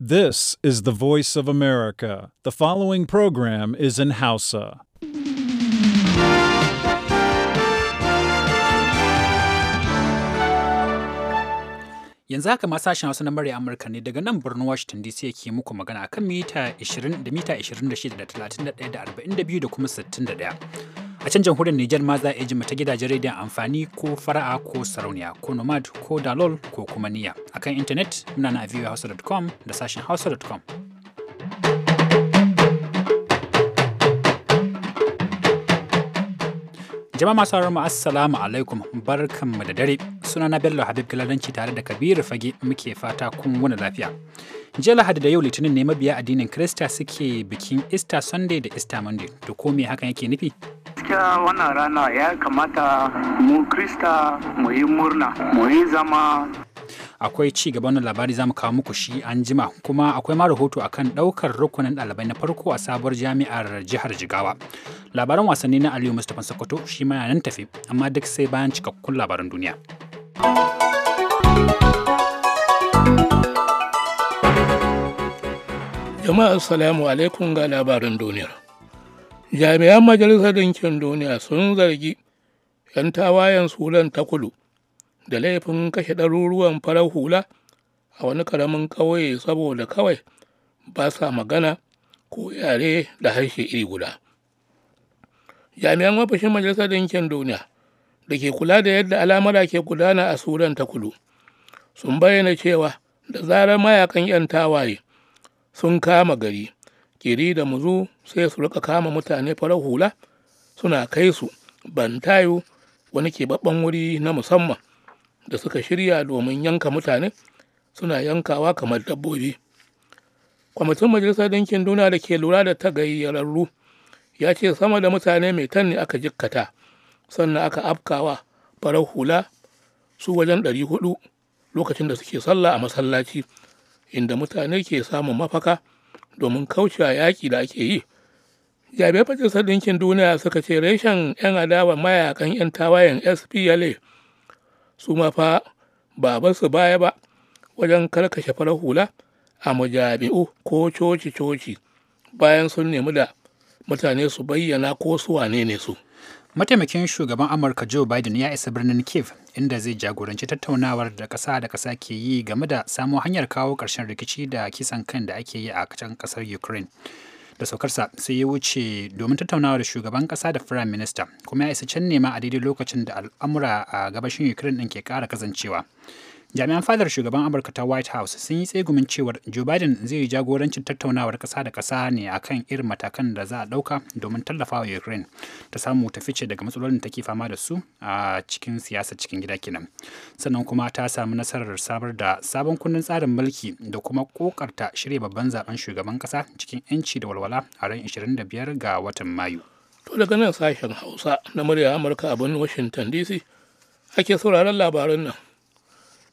This is the voice of America. The following program is in Hausa. Yanzu haka ma sashen Hausa na murya Amurka ne daga nan birnin Washington DC ke muku magana akan mita 20 da mita 26 da 31 da 42 da kuma 61. a can jamhuriyar Nijar ma za a ji ta gidajen rediyon amfani ko fara'a ko sarauniya ko nomad ko dalol ko kuma niya kan intanet muna na aviyohausa.com da sashen hausa.com Jama'a masu sauraron mu assalamu alaikum barkan mu da dare na Bello Habib Galadanci tare da Kabiru Fage muke fata kun wani lafiya. Jiya Lahadi da yau Litinin ne mabiya addinin Kirista suke bikin Easter Sunday da Easter Monday to ko me hakan yake nufi? gaskiya wannan rana ya kamata mu krista mu yi murna mu yi zama akwai ci gaban wannan labari zamu kawo muku shi an jima kuma akwai ma rahoto akan daukar rukunin ɗalibai na farko a sabuwar jami'ar jihar jigawa labaran wasanni na aliyu mustapha sokoto shi ma nan tafi amma duk sai bayan cikakkun labaran duniya jama'a assalamu alaikum ga labarin duniyar jami'an majalisar ɗinkin duniya sun zargi 'yan tawayen sulan ta kudu da laifin kashe ɗaruruwan farar hula a wani ƙaramin ƙauye saboda kawai ba sa magana ko yare da harshe iri guda jami'an mafishin majalisar ɗinkin duniya da ke kula da yadda al'amura ke gudana a sulan ta kudu sun bayyana cewa da zarar mayakan 'yan tawaye sun kama gari kiri da muzu sai su rika kama mutane farar hula suna kai su bantayo wani keɓaɓɓen wuri na musamman da suka shirya domin yanka mutane suna yankawa kamar dabbobi kwamitin majalisar ɗinkin duniya da ke lura da tagayyararru ya ce sama da mutane mai tan aka jikkata sannan aka afkawa farar hula su wajen 400 lokacin da suke sallah a masallaci inda mutane ke samun mafaka domin kaucewa yaƙi da ake yi jami'an majalisar ɗinkin duniya suka ce reshen 'yan adawa mayakan 'yan tawayen spla su ma fa ba su baya ba wajen karkashe farar hula a majami'u ko coci-coci bayan sun nemi da mutane su bayyana ko su wane ne su mataimakin shugaban amurka joe biden ya isa birnin kiev inda zai jagoranci tattaunawar da ƙasa da ƙasa ke yi game da samo hanyar kawo ƙarshen rikici da kisan kan da ake yi a can ƙasar ukraine da saukarsa sai ya wuce domin tattaunawa da shugaban ƙasa da firayim minista kuma ya isa can nema a daidai lokacin da al'amura a gabashin ukraine din ke kara kazancewa jami'an fadar shugaban amurka ta white house sun yi tsegumin cewar joe biden zai yi jagorancin tattaunawar kasa da kasa ne akan irin matakan da za a ɗauka domin tallafawa ukraine ta samu ta fice daga matsalolin da take fama da su a cikin siyasa cikin gida kenan sannan kuma ta samu nasarar samar da sabon kundin tsarin mulki da kuma kokarta shirya babban zaben shugaban kasa cikin 'yanci da walwala a ran 25 ga watan mayu to daga nan sashen hausa na murya amurka a birnin washington dc ake sauraron labaran nan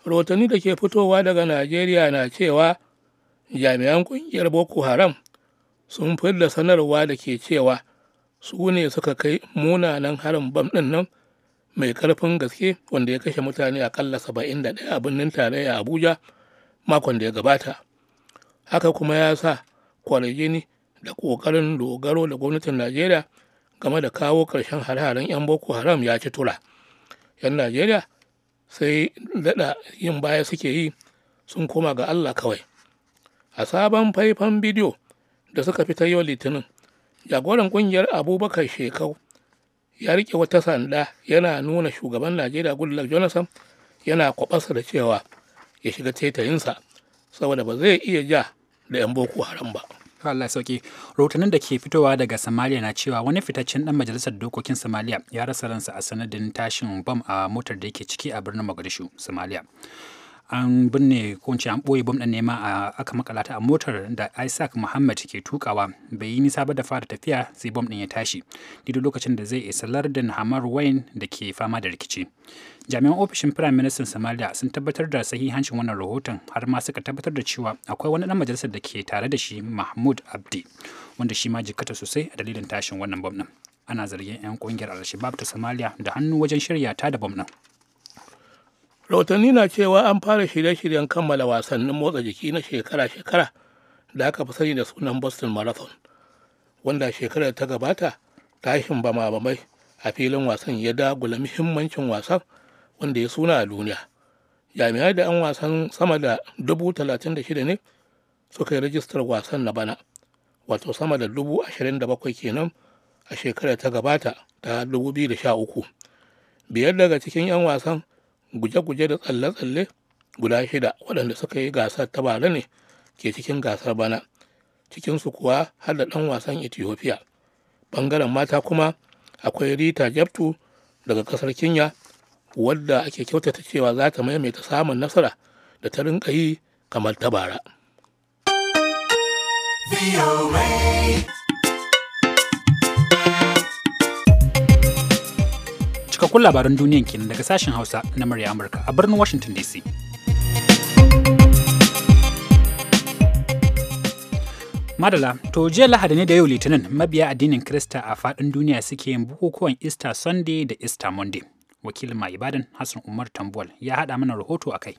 rahotanni da ke fitowa daga najeriya na cewa jami'an ƙungiyar boko haram sun fidda sanarwa da ke cewa su ne suka kai munanan harin bam ɗin nan mai karfin gaske wanda ya kashe mutane kalla saba'in da ɗaya a birnin tarayya abuja makon da ya gabata haka kuma ya sa kwarjini da ƙoƙarin dogaro da gwamnatin najeriya game da kawo ƙarshen hare-haren 'yan boko haram ya ci tura 'yan najeriya sai daɗa yin baya suke yi sun koma ga Allah kawai. A sabon faifan bidiyo da suka fita yau litinin, jagoran ƙungiyar Abubakar Shekau ya riƙe wata sanda yana nuna shugaban Najeriya Goodluck Jonathan yana kwaɓarsa da cewa ya shiga tetayinsa saboda ba zai iya ja da 'yan Boko Haram ba. Allah sauki rahotannin da ke fitowa daga Somalia na cewa wani fitaccen dan majalisar dokokin Somalia ya rasa ransa a sanadin tashin bom a motar da yake ciki a birnin Mogadishu Somalia an binne ko an boye bom ɗin nema a aka makalata a motar da isaac muhammad ke tukawa bai yi nisa ba da fara tafiya sai bom ɗin ya tashi dido lokacin da zai isa lardin hamar wayne da ke fama da rikici jami'an ofishin firayim ministan somalia sun tabbatar da sahihancin wannan rahoton har ma suka tabbatar da cewa akwai wani dan majalisar da ke tare da shi mahmud abdi wanda shi ma jikkata sosai a dalilin tashin wannan bom din ana zargin 'yan kungiyar al-shabab ta somalia da hannu wajen shirya ta da bom din rahotanni na cewa an fara shirye-shiryen kammala wasannin motsa jiki na shekara-shekara da aka fi sani da sunan boston marathon wanda shekarar ta gabata tashin bama bamai a filin wasan ya dagula muhimmancin wasan wanda ya suna a duniya jami'ai da 'yan wasan sama da dubu talatin da shida ne suka yi rajistar wasan na bana wato sama da dubu ashirin da bakwai kenan a shekarar ta gabata ta dubu biyu da sha uku biyar daga cikin 'yan wasan guje-guje da tsalle-tsalle guda shida waɗanda suka yi gasar ta bara ne ke cikin gasar bana cikinsu kuwa har da ɗan wasan ethiopia bangaren mata kuma akwai rita jabtu daga ƙasar kenya wadda ake kyautata cewa za ta maimaita samun nasara da ta rinka yi kamar ta bara. Cikakkun labarin duniyan kenan daga sashen Hausa na murya Amurka a birnin Washington DC. Madala, to jiya Lahadi ne da yau Litinin mabiya addinin Kirista a faɗin duniya suke yin bukukuwan Easter Sunday da Easter Monday. wakilin mai ibadan hassan umar tambuwal ya haɗa mana rahoto a kai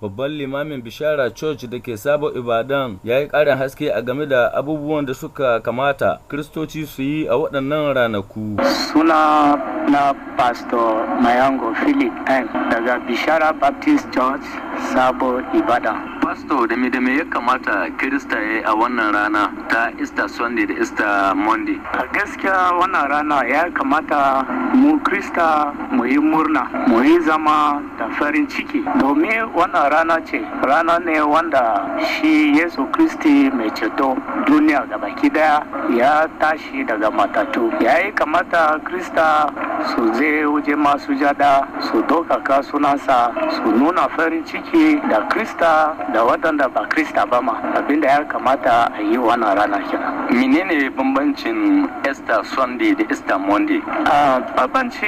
babban limamin bishara church da ke sabo ibadan ya yi ƙarin haske a game da abubuwan da suka kamata kristoci su yi a waɗannan ranaku suna na pastor mayango philip m daga bishara baptist church sabo ibadan Pasto da me da ya kamata Kirista ya a wannan rana ta Easter Sunday da Easter Monday. A gaskiya wannan rana ya kamata mu Kirista mu yi murna, mu yi zama da farin ciki. Domin wannan rana ce, rana ne wanda shi Yesu Kristi mai ceto duniya da baki daya ya tashi daga matatu. Ya yi kamata Kirista su je waje masu jada su dokaka sunansa su nuna farin ciki da Kirista da da waɗanda ba krista ba ma abinda ya kamata a yi wannan rana kenan menene bambancin easter sunday da easter monday ah, bambanci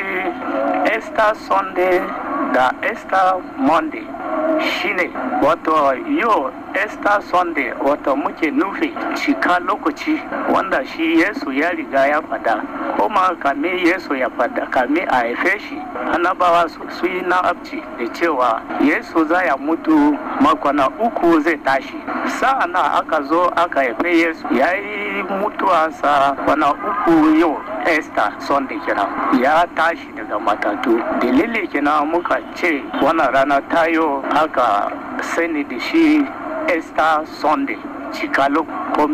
easter sunday da easter monday shine wato yau easter sunday wato muke nufi cika lokaci wanda shi yesu ya riga ya fada kuma kame yesu ya fada kame a haife shi annabawa su yi na'abci da cewa yesu za ya mutu makwana uku zai tashi sa'ana aka zo aka haife yesu ya yi sa. kwana uku yau easter sunday kira ya tashi daga matatu dalili kina muka ce wannan rana ta yau aka sani da shi Easter Sunday. Cika lok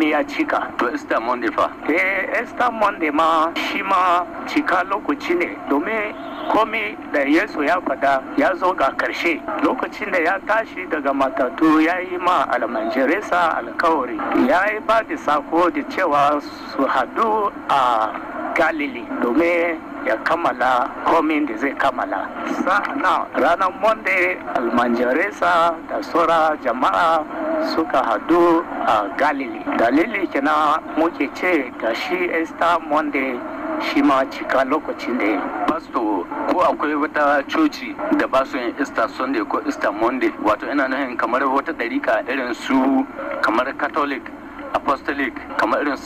ya cika. To Easter Monday fa? Eh Easter Monday ma shi ma cika lokaci ne domin komi da Yesu ya fada ya zo ga karshe lokacin da ya tashi daga matatu ya yi ma almanjirisa alkawari ya yi ba da sako da cewa su hadu a Galilee domin ya kammala komin da zai kammala sa'ana ranar monday almanjaresa da sora jama'a suka hadu a galili dalili kina muke ce da shi easter monday shi ma cika lokacin da pasto ko akwai wata coci da ba su yin easter sunday ko easter monday wato ina nuhin kamar wata ɗarika irin su kamar catholic apostolic kamar irin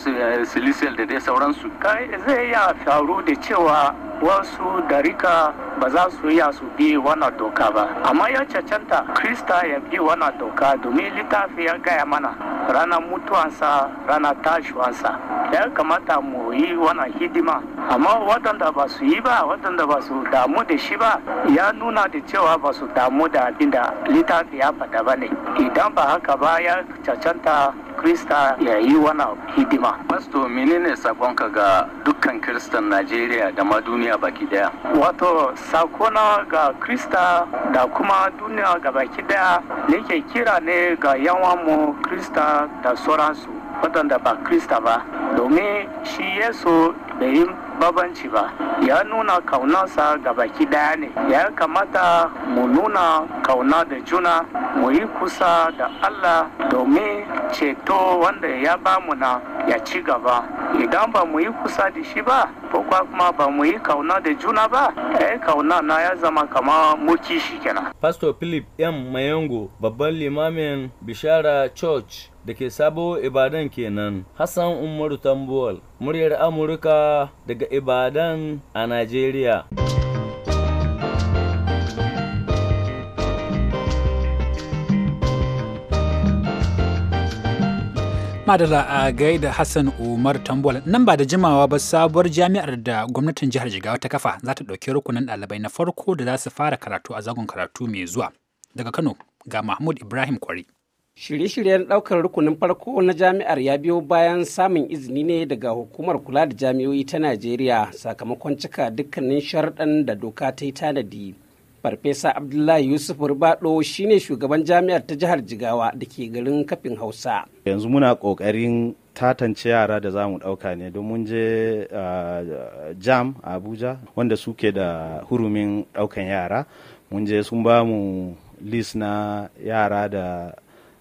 silicil eh, da dai sauransu kai zai ya faru da cewa wasu darika ba za su iya su bi wannan doka ba amma ya cancanta krista ya bi wannan doka domin littafi ya gaya mana rana mutuwansa rana tashiwansa ya kamata mu yi wannan hidima amma waɗanda ba su yi ba waɗanda ba su damu da shi ba ya nuna da cewa ba su damu da abin da littafi ya fada ba ne idan ba haka ba ya cancanta krista ya yi wannan hidima. Pasto menene sakonka ga dukkan kristan Najeriya da ma duniya duniya baki daya wato sakona ga krista da kuma duniya ga baki daya ne ke kira ne ga yawan mu krista da sauransu waɗanda ba krista ba domin shi yesu bai yi babanci ba ya nuna kaunansa ga baki daya ne ya kamata mu nuna kauna da juna mu yi kusa da allah domin ceto wanda ya bamu na ya ci gaba idan ba mu yi kusa da shi ba ko kuma ba mu yi kauna da juna ba eh kauna na ya zama kama muki shi kenan pastor philip m mayango babban limamin bishara church da ke sabo ibadan kenan hassan umaru tambuwal muryar amurka daga ibadan a nigeria. Madalla a gaida Hassan Umar Tambol nan ba da jimawa ba sabuwar jami'ar da gwamnatin jihar Jigawa ta kafa za ta ɗauki rukunin ɗalibai na farko da za su fara karatu a zagon karatu mai zuwa. Daga Kano ga Mahmud Ibrahim Kwari. Shirye-shiryen ɗaukar rukunin farko na jami'ar ya biyo bayan samun izini ne daga hukumar kula da jami'o'i ta Najeriya sakamakon cika dukkanin sharɗan da doka ta yi tanadi. Farfesa Abdullahi Yusuf shi ne shugaban jami'ar ta jihar Jigawa da ke garin Kafin Hausa. Yanzu muna ƙoƙarin tatance yara da za mu ɗauka ne don mun je jam a Abuja wanda suke da hurumin ɗaukan yara. Mun je sun ba mu list na yara da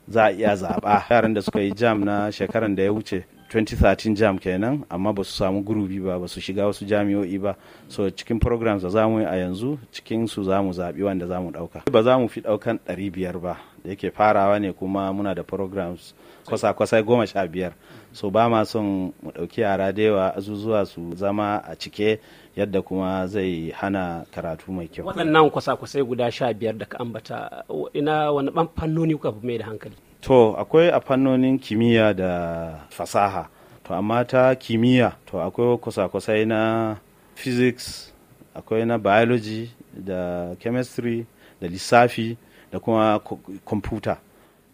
za a iya zaɓa yaran da suka yi jam na shekaran da ya wuce 2013 jam kenan amma ba su samu gurubi ba ba su shiga wasu jami'o'i ba so cikin programs da zamu yi a yanzu cikin su zamu zaɓi wanda zamu ɗauka ba za mu fi ɗaukan 500 ba da yake farawa ne kuma muna da programs kwasa-kwasai goma sha biyar so ba ma son mu ɗauki yara da yawa azuzuwa su zama a cike yadda kuma zai hana karatu mai kyau waɗannan kwasa-kwasai guda sha biyar da ka ambata ina wani fannoni kuka fi mai da hankali To akwai a fannonin kimiyya da fasaha. To amma ta kimiyya to akwai kusa-kusai na physics, akwai na biology da chemistry da lissafi da kuma kwamfuta.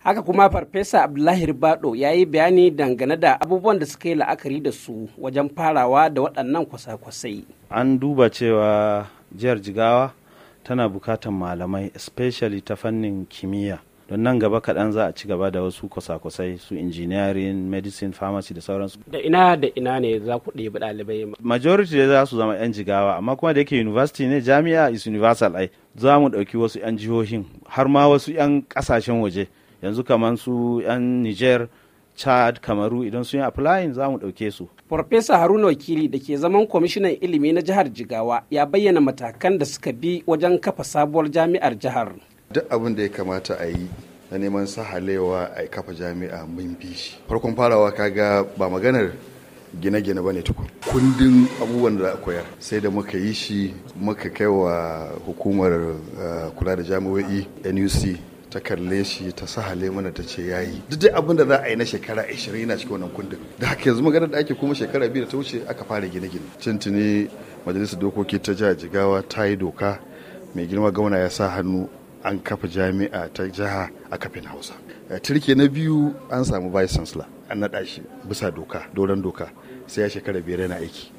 Haka kuma Farfesa Abdullahi Ribado ya yi bayani dangane da abubuwan da suka yi la'akari da su wajen farawa da waɗannan kwasa-kwasai. An duba cewa jihar Jigawa tana bukatan malamai especially ta fannin kimiyya. don nan gaba kaɗan za a ci gaba da wasu kwasa-kwasai su engineering medicine pharmacy da sauransu da ina da ina ne za ku ɗebi ɗalibai majority da za su zama 'yan jigawa amma kuma da yake university ne jami'a is universal ai za mu ɗauki wasu 'yan jihohin har ma wasu 'yan ƙasashen waje yanzu kamar su 'yan niger chad kamaru idan sun yi applying za mu ɗauke su. Farfesa Haruna Wakili da ke zaman kwamishinan ilimi na jihar Jigawa ya bayyana matakan da suka bi wajen kafa sabuwar jami'ar jihar. duk abin da ya kamata a yi na neman sahalewa a kafa jami'a mun bi shi farkon farawa kaga ba maganar gine-gine ba ne tukun kundin abubuwan da koyar sai da muka yi shi muka kai wa hukumar eh, kula da jami'o'i nuc ta kalle shi ta sahale mana ta ce ya yi. duk dai abin da za a yi na shekara 20 yana cikin wannan kundin da haka yanzu maganar da ake kuma shekara biyu da ta wuce aka fara gine-gine tuntuni majalisar dokoki ta jihar jigawa ta yi doka mai girma gauna ya sa hannu an kafa jami'a ta jiha a kafin hausa eh, turke na biyu an samu vice chancellor an naɗa shi bisa doka doron doka sai ya shekara biyar yana aiki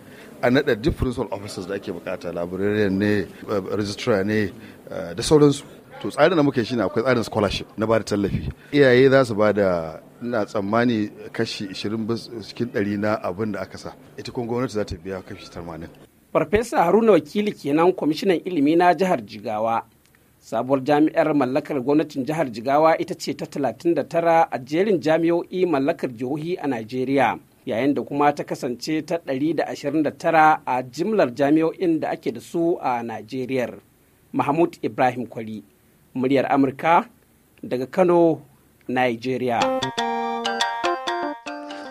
an naɗa duk principal officers da ake bukata librarian ne eh, registrar ne eh, da sauransu to tsarin da muke shi ne akwai tsarin scholarship na bada tallafi iyaye za su ba da ina tsammani kashi 20 cikin 100 na abin da aka sa ita kuma gwamnati za ta biya kashi 80 farfesa haruna wakili kenan kwamishinan ilimi na jihar jigawa sabuwar jami'ar mallakar gwamnatin jihar jigawa ita ce ta 39 a jerin jami'o'i mallakar jihohi a najeriya yayin da kuma ta kasance ta 129 a jimlar jami'o'in da ake da su a najeriya mahmud ibrahim kwari muryar amurka daga kano nigeria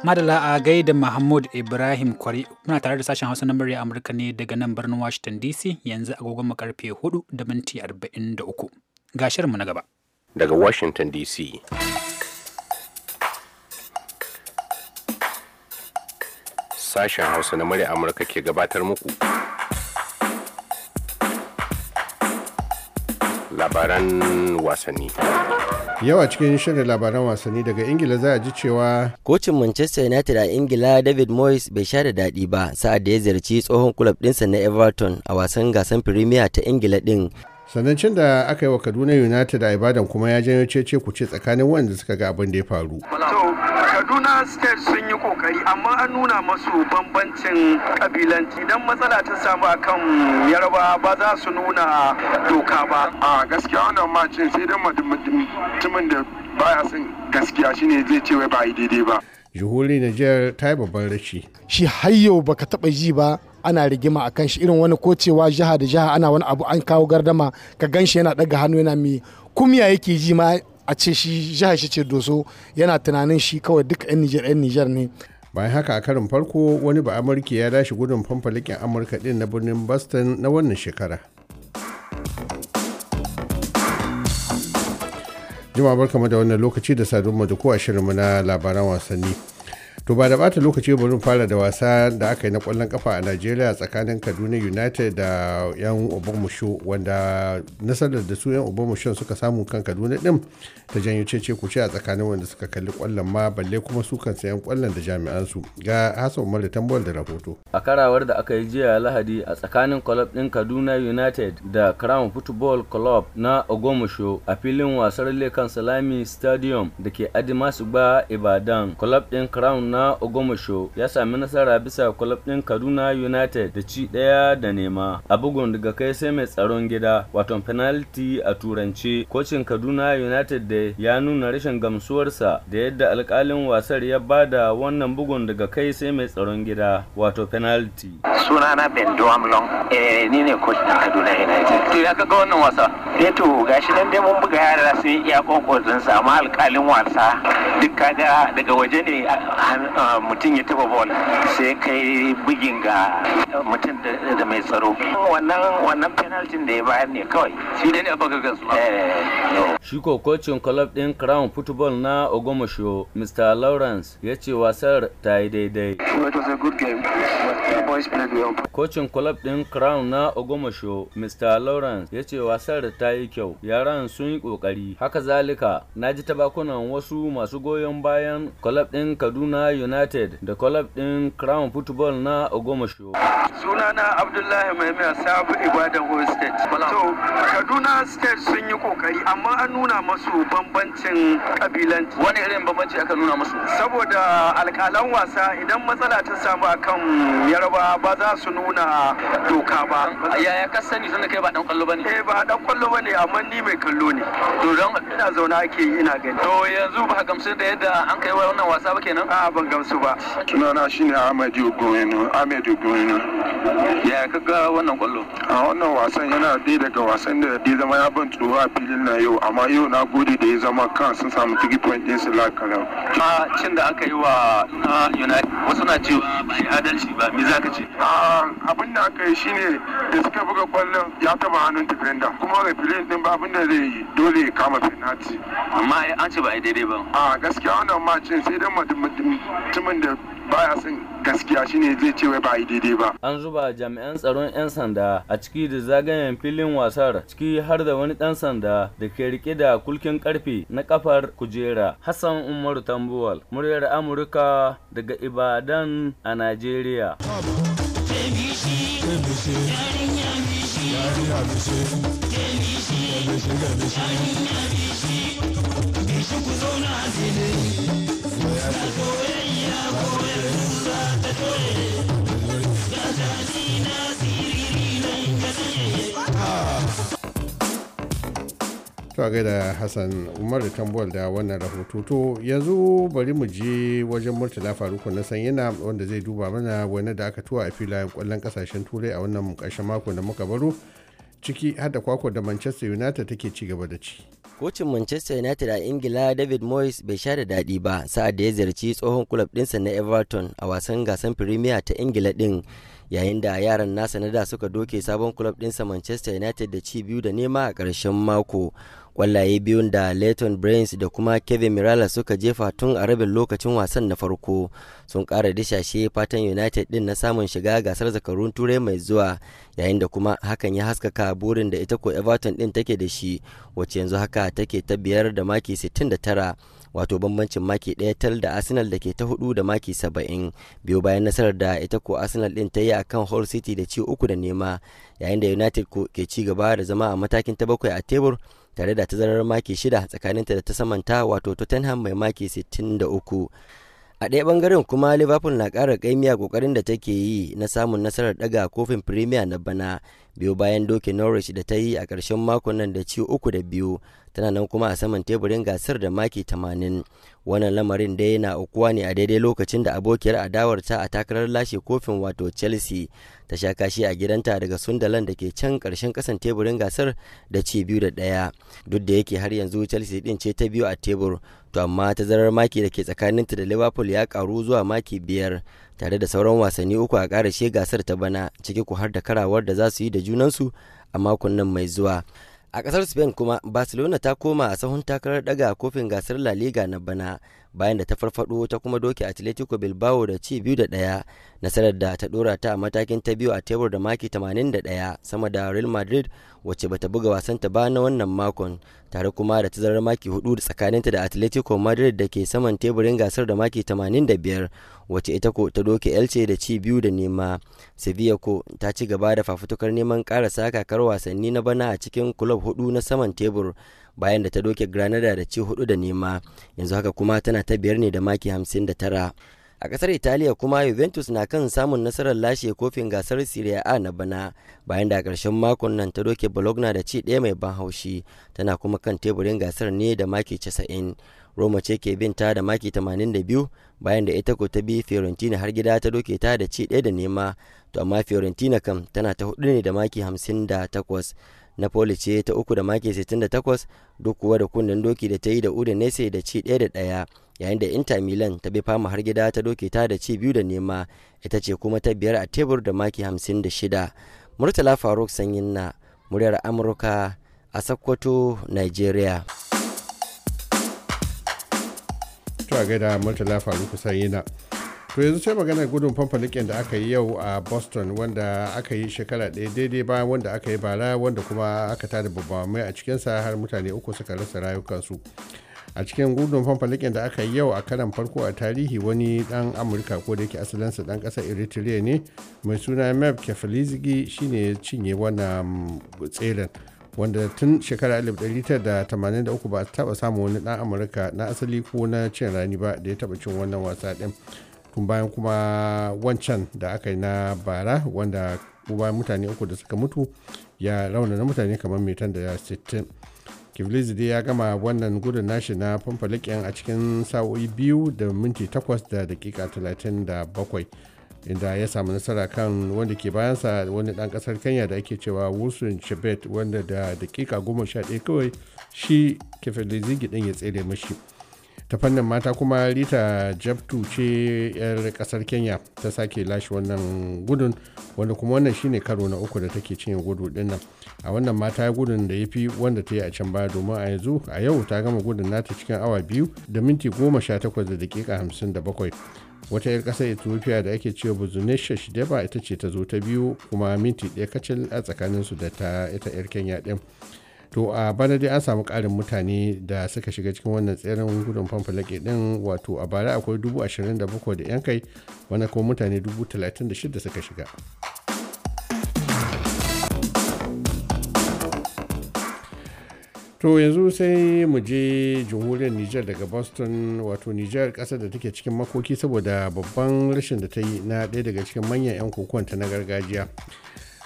Madala a gaida Mahmud Ibrahim Kwari muna tare da sashen Hausa na murya Amurka ne daga nan birnin Washington DC yanzu agogon makarfe 4 da minti 43. Ga shirinmu na gaba. Daga Washington DC. Sashen Hausa na murya Amurka ke gabatar muku. labaran wasanni. Yau a cikin shirin labaran wasanni daga Ingila za a ji cewa kocin Manchester United a Ingila David Moyes bai sha da daɗi ba sa'ad da ya ziyarci tsohon kulab ɗinsa na Everton a wasan gasan Premier ta Ingila ɗin. sannan cin da aka yi wa Kaduna United a Ibadan kuma ya janyo cece ce tsakanin wanda suka ga abin da ya faru. kaduna state sun yi kokari amma an nuna masu bambancin kabilanci dan matsala ta samu akan yarba ba za su nuna doka ba a gaskiya wannan macin sai dai mutumin da baya son gaskiya shine zai ce wai ba yi daidai ba Juhuri Nijar ta yi babban rashi. Shi hayo baka taba ji ba ana rigima a kan shi irin wani kocewa jiha da jiha ana wani abu an kawo gardama ka gan shi yana daga hannu yana mi kumya yake ji ma a ce shi jihar shi ce doso yana tunanin shi kawai duk 'yan nijar 'yan nijar ne bayan haka a karin farko wani ba amurka ya dashi gudun famfalikin amurka din na birnin boston na wannan shekara jima barkama da wannan lokaci da saduwa da kowa shirinmu na labaran wasanni to ba da bata lokaci bari fara da wasa da aka yi na kwallon kafa a najeriya tsakanin kaduna united da yan Obomusho wanda nasarar da su yan Obomusho suka samu kan kaduna din ta janyo cece ku a tsakanin wanda suka kalli kwallon ma balle kuma su kan sayan kwallon da jami'an su ga hassan umar da tambayar da rahoto a karawar da aka yi jiya lahadi a tsakanin club din kaduna united da crown football club na ogomusho a filin wasar lekan salami stadium da ke ba ibadan club din crown na Ogomosho ya sami nasara bisa kwalab ɗin Kaduna United da ci ɗaya da nema. A bugun daga kai sai mai tsaron gida wato penalty a turance. Kocin Kaduna United da ya nuna rashin gamsuwarsa da yadda alkalin wasar ya bada wannan bugun daga kai sai mai tsaron gida wato penalty. Sunana Ben Duamlong, eh ni ne kocin Kaduna United. To ya kaga wannan wasa? Eh to gashi nan dai mun buga yara sun iya sa amma alkalin wasa duk kaga daga waje ne mutum ya taba bol sai kai bugin ga mutum da mai tsaro wannan wannan penalty da ya bayar ne kawai shi da ne a baka gansu eh. shi kokocin club din crown football na ogomosho mr lawrence ya ce wasar ta yi daidai kocin club din crown na ogomosho mr lawrence ya ce wasar ta yi kyau yaran sun yi kokari haka zalika na ji tabakunan wasu masu goyon bayan club din kaduna united da club ɗin crown football na ogomasho sunana abdullahi maimiyar sabu ibadan whole state kaduna state sun yi kokari amma an nuna masu bambancin kabilanci wani irin bambanci aka nuna masu saboda alkalan wasa idan matsala ta samu akan yarba ba za su nuna doka ba yaya ka sani tunda kai ba dan kwallo bane eh ba dan kwallo bane amma ni mai kallo ne to don ina zaune ake yi ina gani to yanzu ba gamsu da yadda an kai wannan wasa ba kenan a ba ban gamsu ba sunana shine Ahmad Ogunrinu Ahmed Ogunrinu ya kaga wannan kwallo a wannan wasan yana dai daga wasan da ya zama ya ban tsoro a filin na yau amma yau na gode da ya zama kan sun samu 3 point din su lakarar a cin da aka yi wa United wasu na cewa ba yi adalci ba me za ka ce ah, abin da aka yi shine da suka buga kwallon ya taba hannun defender kuma filin din ba abin da zai yi dole ya kama penalty amma an ce ba yi daidai ba a ah, gaskiya wannan macin sai dan mutumin da baya son gaskiya shine zai ce wai ba yi daidai ba an zuba jami'an tsaron yan sanda a ciki da zagayen filin wasar ciki har da wani dan sanda da ke rike da kulkin karfe na kafar kujera hassan umaru tambuwal muryar amurka daga ibadan a najeriya yeah, yeah, yeah, yeah, yeah to da hassan umar tambuwal da wannan rahoto yanzu bari mu je wajen murtala faruku na sanyina wanda zai duba mana wani da aka tuwa a filayen kwallon kasashen turai a wannan karshen mako da muka baro ciki har da kwakwa da manchester united take ci gaba da ci Kocin Manchester United a Ingila David Moyes bai sha da daɗi ba sa'ad da ya ziyarci tsohon kulab ɗinsa na Everton a wasan gasan Premier ta Ingila ɗin yayin da yaran nasa na da suka doke sabon kulab ɗinsa Manchester United da ci biyu da nema a ƙarshen mako. Kwallaye biyun da Leighton Brains da kuma Kevin Mirala suka jefa tun a rabin lokacin wasan na farko sun ƙara dishashe fatan United din na samun shiga gasar zakarun turai mai zuwa yayin da kuma hakan ya haskaka burin da ita ko Everton din take da shi wacce yanzu haka take ta biyar da maki 69 wato bambancin maki ɗaya tal da Arsenal da ke ta hudu da maki 70 biyo bayan nasarar da ita ko Arsenal din ta yi akan Hull City da ci uku da nema yayin da United ko ke ci gaba da zama a matakin ta bakwai a tebur tare da tazarar maki shida tsakaninta da ta samanta wato tottenham mai maki 63 a ɗaya bangaren kuma liverpool na ƙara ƙaimiya ƙoƙarin da take yi na samun nasarar ɗaga kofin premier na bana biyu bayan doke norwich da ta yi a ƙarshen makon nan da ci uku da biyu tana nan kuma a saman teburin gasar da maki 80 wannan lamarin dai yana ukuwa ne a daidai lokacin da abokiyar adawarta a takarar lashe kofin wato chelsea ta sha kashi a gidanta daga sundalan da ke can karshen kasan teburin gasar da ci biyu da ɗaya duk da yake har yanzu chelsea din ce ta biyu a tebur to amma tazarar maki da ke tsakaninta da liverpool ya karu zuwa maki biyar tare da sauran wasanni uku a karashe gasar ta bana ciki ku har da karawar da za su yi da junansu a makon nan mai zuwa a kasar spain kuma barcelona ta koma a sahun takarar daga kofin gasar la liga na bana bayan da ta farfado ta kuma doke atletico bilbao da ci biyu da daya nasarar da ta dora ta a matakin ta biyu a tebur da maki 81 sama da real madrid wacce bata buga wasanta ba na wannan makon tare kuma da tazarar maki hudu tsakaninta da atletico madrid da ke saman teburin gasar da maki 85 wacce ita ko ta doke elce da ci biyu da nema sevilla ko ta ci gaba da fafutukar neman karasa saka kakar wasanni na bana a cikin kulob hudu na saman tebur bayan da ta doke granada da ci hudu da nema yanzu haka kuma tana ta biyar ne da maki hamsin da tara a kasar italiya kuma juventus na kan samun nasarar lashe kofin gasar syria a na bana bayan da a ƙarshen makon nan ta doke bologna da ci ɗaya mai ban haushi tana kuma kan teburin gasar ne da maki 90 roma ce ke bin ta da maki 82 bayan da ita ko ta bi fiorentina har gida ta doke ta da ci ɗaya da nema to amma fiorentina kam tana ta hudu ne da maki 58 na Poli ce ta uku da maki 68 duk kuwa da kunnen doki da ta yi da Udinese da ci daya da daya yayin da Inter Milan ta bi fama har gida ta doke ta da ci biyu da nema ita ce kuma ta biyar a tebur da maki 56. Murtala Faruk Sanyin na muryar Amurka a Sokoto, Nigeria. gaida Murtala Faruk Sanyin na. to yanzu sai magana gudun famfalikin da aka yi yau a boston wanda aka yi shekara ɗaya daidai bayan wanda aka yi bara wanda kuma aka tada babban mai a cikinsa har mutane uku suka rasa rayukansu a cikin gudun famfalikin da aka yi yau a karan farko a tarihi wani dan amurka ko da yake asalinsa dan kasar eritrea ne mai suna mep kefalizigi shine cinye wannan tseren wanda tun shekara 1983 ba a taba samun wani dan amurka na asali ko na cin rani ba da ya taba cin wannan wasa din tun bayan kuma wancan da aka yi na bara wanda kuma mutane uku da suka mutu ya na mutane kamar metan da 60 kivlizi dai ya gama wannan gudun nashi na fanfalikin a cikin sa'o'i biyu da minti takwas da dakika talatin da bakwai inda ya samu nasara kan wanda ke bayansa wani dan kasar kenya da ake cewa wilson chibet wanda da dakika goma sha ɗaya kawai shi kifilizi gidan ya tsere mashi ta fannin mata kuma rita jabtu ce 'yar kasar kenya ta sake lashe wannan gudun wanda kuma wannan shine karo na uku da take cinye gudu dinnan a wannan mata gudun da ya fi wanda ta yi a can baya domin a yanzu a yau ta gama gudun nata cikin awa biyu da minti goma sha takwas da dakika hamsin da bakwai wata 'yar kasar ethiopia da ake cewa buzunesha shideba ita ce ta zo ta biyu kuma minti ɗaya kacal a tsakaninsu da ta ita 'yar kenya ɗin to a bana dai an samu karin mutane da suka shiga cikin wannan tseren gudun famfalake din wato a bara akwai dubu ashirin da bakwai da yan kai wani kuma mutane dubu talatin da shida suka shiga to yanzu sai mu je jamhuriyar niger daga boston wato niger ƙasar da take cikin makoki saboda babban rashin da ta yi na ɗaya daga cikin manyan 'yan kokonta na gargajiya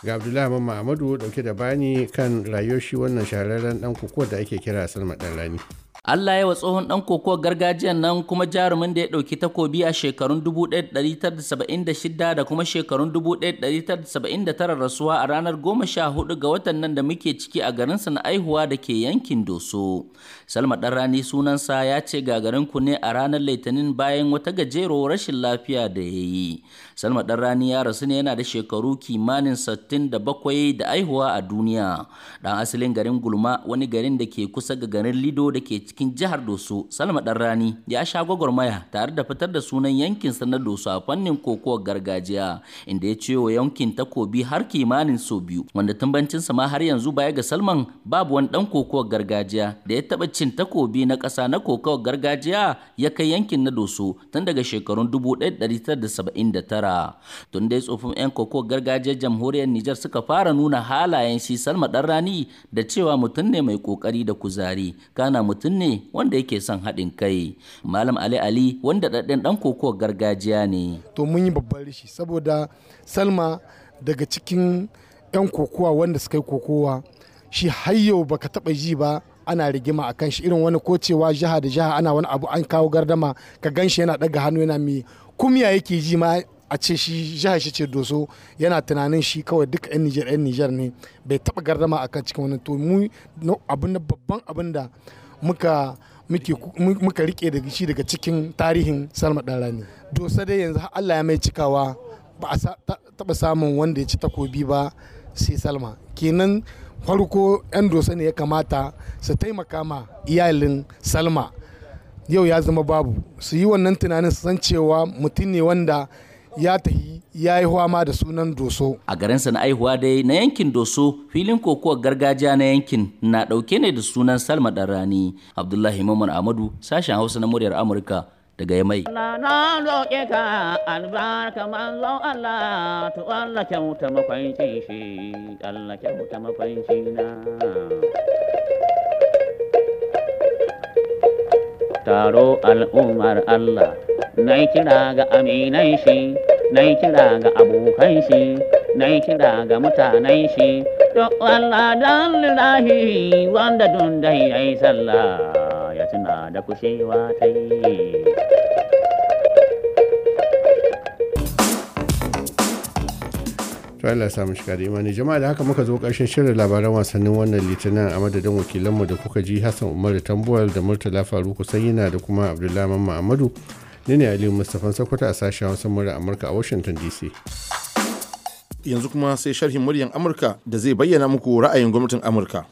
ga abdullahi mamma dauke da bani kan rayuwar shi wannan shahararren dan kukuwar da ake kira salma dan rani Allah ya wa tsohon ɗan koko gargajiyan nan kuma jarumin da ya ɗauki takobi a shekarun 1976 da kuma shekarun 1979 rasuwa a ranar 14 ga watan nan da muke ciki a garinsa na aihuwa da ke yankin Doso. Salma ɗan rani sunansa ya ce ku ne a ranar Litinin bayan wata gajero rashin lafiya da ya yi. Salma ɗan rani ya rasu ne yana da shekaru kimanin 67 da aihuwa a duniya. Ɗan asalin garin Gulma wani garin da ke kusa ga garin Lido da ke cikin jihar Doso, Salma Rani ya sha gwagwarmaya tare da fitar da sunan yankinsa na Doso a fannin kokowar gargajiya, inda ya ce wa yankin takobi har kimanin sau biyu, wanda tumbancinsa ma har yanzu baya ga Salman babu wani ɗan kokowar gargajiya da ya taɓa cin takobi na ƙasa na kokowar gargajiya ya kai yankin na Doso tun daga shekarun 1979. Tun dai tsofin 'yan kokowar gargajiyar jamhuriyar Nijar suka fara nuna halayen shi Salma Rani da cewa mutum ne mai ƙoƙari da kuzari, kana mutum ne wanda yake son haɗin kai malam ali ali wanda ɗaɗɗen ɗan kokowar gargajiya ne to mun yi babban rishi saboda salma daga cikin 'yan kokowa wanda suka yi kokowa shi hayyau baka taɓa ji ba ana rigima a kan shi irin wani ko cewa jiha da jiha ana wani abu an kawo gardama ka gan shi yana daga hannu yana mi kumya yake ji ma a ce shi jiha shi ce doso yana tunanin shi kawai duk yan nijar yan nijar ne bai taba gardama a kan cikin wani to mu abin babban abin da muka muka rike daga shi daga cikin tarihin salma ɗarani dosa dai yanzu allah ya mai cikawa ba a taɓa samun wanda ya ci takobi ba sai salma kenan farko 'yan dosa ne ya kamata su taimaka ma iyalin salma yau ya zama babu su yi wannan tunanin su san cewa mutum ne wanda ya tahi ya yi hwama da sunan doso a garinsa na aihuwa dai na yankin doso filin kokowa gargajiya na yankin na ɗauke ne da sunan salma dan rani abdullahi mamman amadu sashen hausa na muryar amurka daga yamai na roƙe ka manzon to taro al'ummar Allah nai kira ga aminai shi nai kira ga abokan shi nai kira ga mutanen shi to Allah dan lillahi wanda dun dai ai sallah ya tuna da kushewa ta yi Allah samu shiga da imani jama'a da haka muka zo karshen shirin labaran wasannin wannan litinin a madadin wakilanmu da kuka ji hassan umar tambuwal da murtala faruku sanyina da kuma abdullahi Muhammadu. ne ne aliyu mustapha sakwata a sashen hausa murya amurka a washington dc yanzu kuma sai sharhin muryan amurka da zai bayyana muku ra'ayin gwamnatin amurka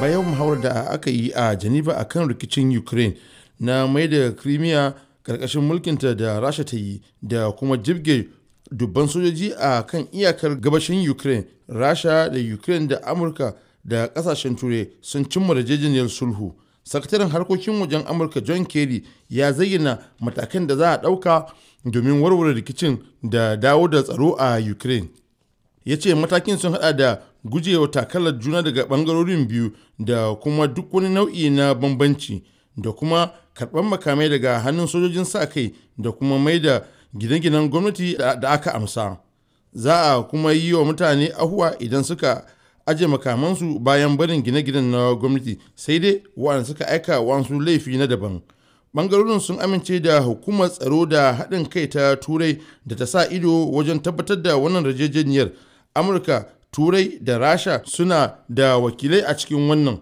bayan muhawar da aka yi a geneva akan rikicin ukraine na mai da crimea karkashin mulkinta da rasha ta yi da kuma jibge dubban sojoji a kan iyakar gabashin ukraine rasha da ukraine da amurka da kasashen turai sun cimma yarjejeniyar sulhu sakataren harkokin wajen amurka john kerry ya zayyana matakan da za a ɗauka domin warware rikicin da dawo da tsaro a ukraine ya ce matakin sun hada da gujewa takalar juna daga bangarorin biyu da kuma duk wani nau'i na bambanci da kuma karɓar makamai daga hannun sojojin sa kai da kuma mai da gine-ginen gwamnati da aka amsa za a kuma yi wa mutane ahuwa idan suka Ajiye makamansu bayan barin gine-ginen na gwamnati sai dai waɗanda suka aika wasu laifi na daban bangarorin sun amince da hukumar tsaro da haɗin kai ta turai da ta sa ido wajen tabbatar da wannan rajejeniyar amurka turai da rasha suna da wakilai a cikin wannan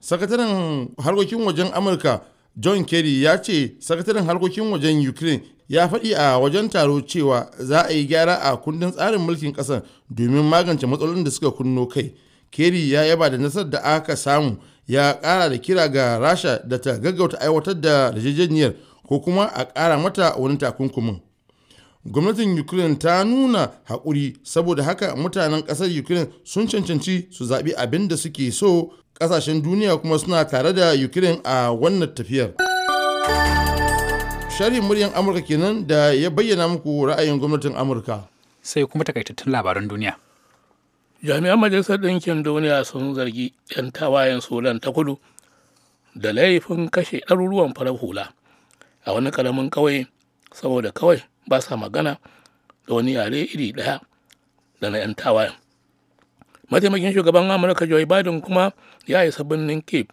sakataren harkokin wajen amurka john kerry ya ce sakataren harkokin wajen ukraine ya faɗi a wajen taro cewa za a yi gyara a kundin tsarin mulkin ƙasar domin magance matsalolin da suka kunno kai kerry ya yaba da nasar da aka samu ya ƙara da kira ga rasha da ta gaggauta aiwatar da yarjejeniyar ko kuma a ƙara mata wani takunkumin gwamnatin ukraine ta nuna haƙuri saboda haka mutanen ƙasar ukraine sun cancanci su zaɓi abin da suke so kasashen duniya kuma suna tare da ukraine a wannan tafiyar sharhin muryan amurka kenan da ya bayyana muku ra'ayin gwamnatin amurka sai kuma takaitattun labaran duniya jami'an majalisar ɗinkin duniya sun zargi 'yan tawayen sudan ta kudu da laifin kashe ɗaruruwan farar hula a wani ƙaramin ƙauye saboda kawai ba sa magana da wani yare iri ɗaya da na 'yan tawayen mataimakin shugaban amurka joe biden kuma ya isa birnin cape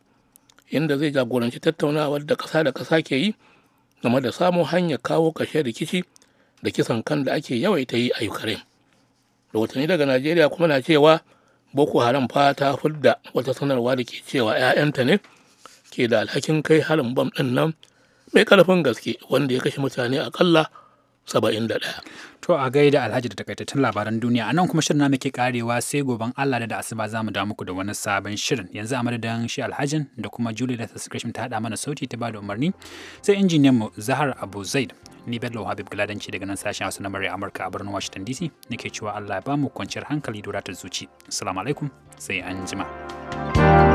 inda zai jagoranci tattaunawar da kasa da kasa ke yi game da samu hanyar kawo kashe rikici da kisan kan da ake yawaita yi a ukraine rahotanni daga najeriya kuma na cewa boko haram fa ta fidda wata sanarwa da ke cewa 'ya'yanta ne ke da alhakin kai harin bam ɗin nan mai ƙarfin gaske wanda ya kashe mutane akalla saba'in da ɗaya. To a gaida Alhaji da takaitattun labaran duniya anan kuma shirin namu ke karewa sai goben Allah da da asuba za mu da muku da wani sabon shirin yanzu a madadin shi Alhajin da kuma Julie da subscription ta hada mana sauti ta bada umarni sai injiniyan mu Zahar Abu Zaid ni Bello Habib Galadanci daga nan sashen Hausa na Murya Amurka a birnin Washington DC nake cewa Allah ya ba mu kwanciyar hankali da zuci. Assalamu alaikum sai an jima.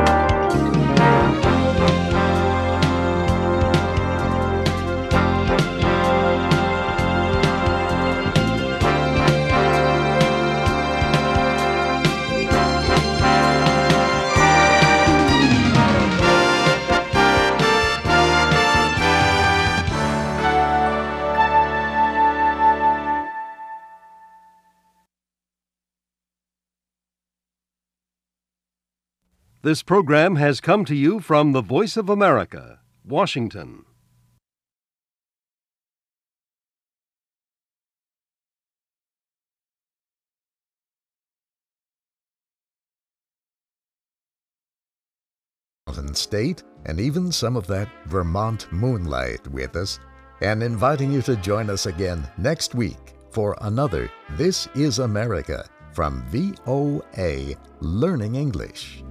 This program has come to you from the Voice of America, Washington. State, and even some of that Vermont moonlight with us, and inviting you to join us again next week for another This is America from VOA Learning English.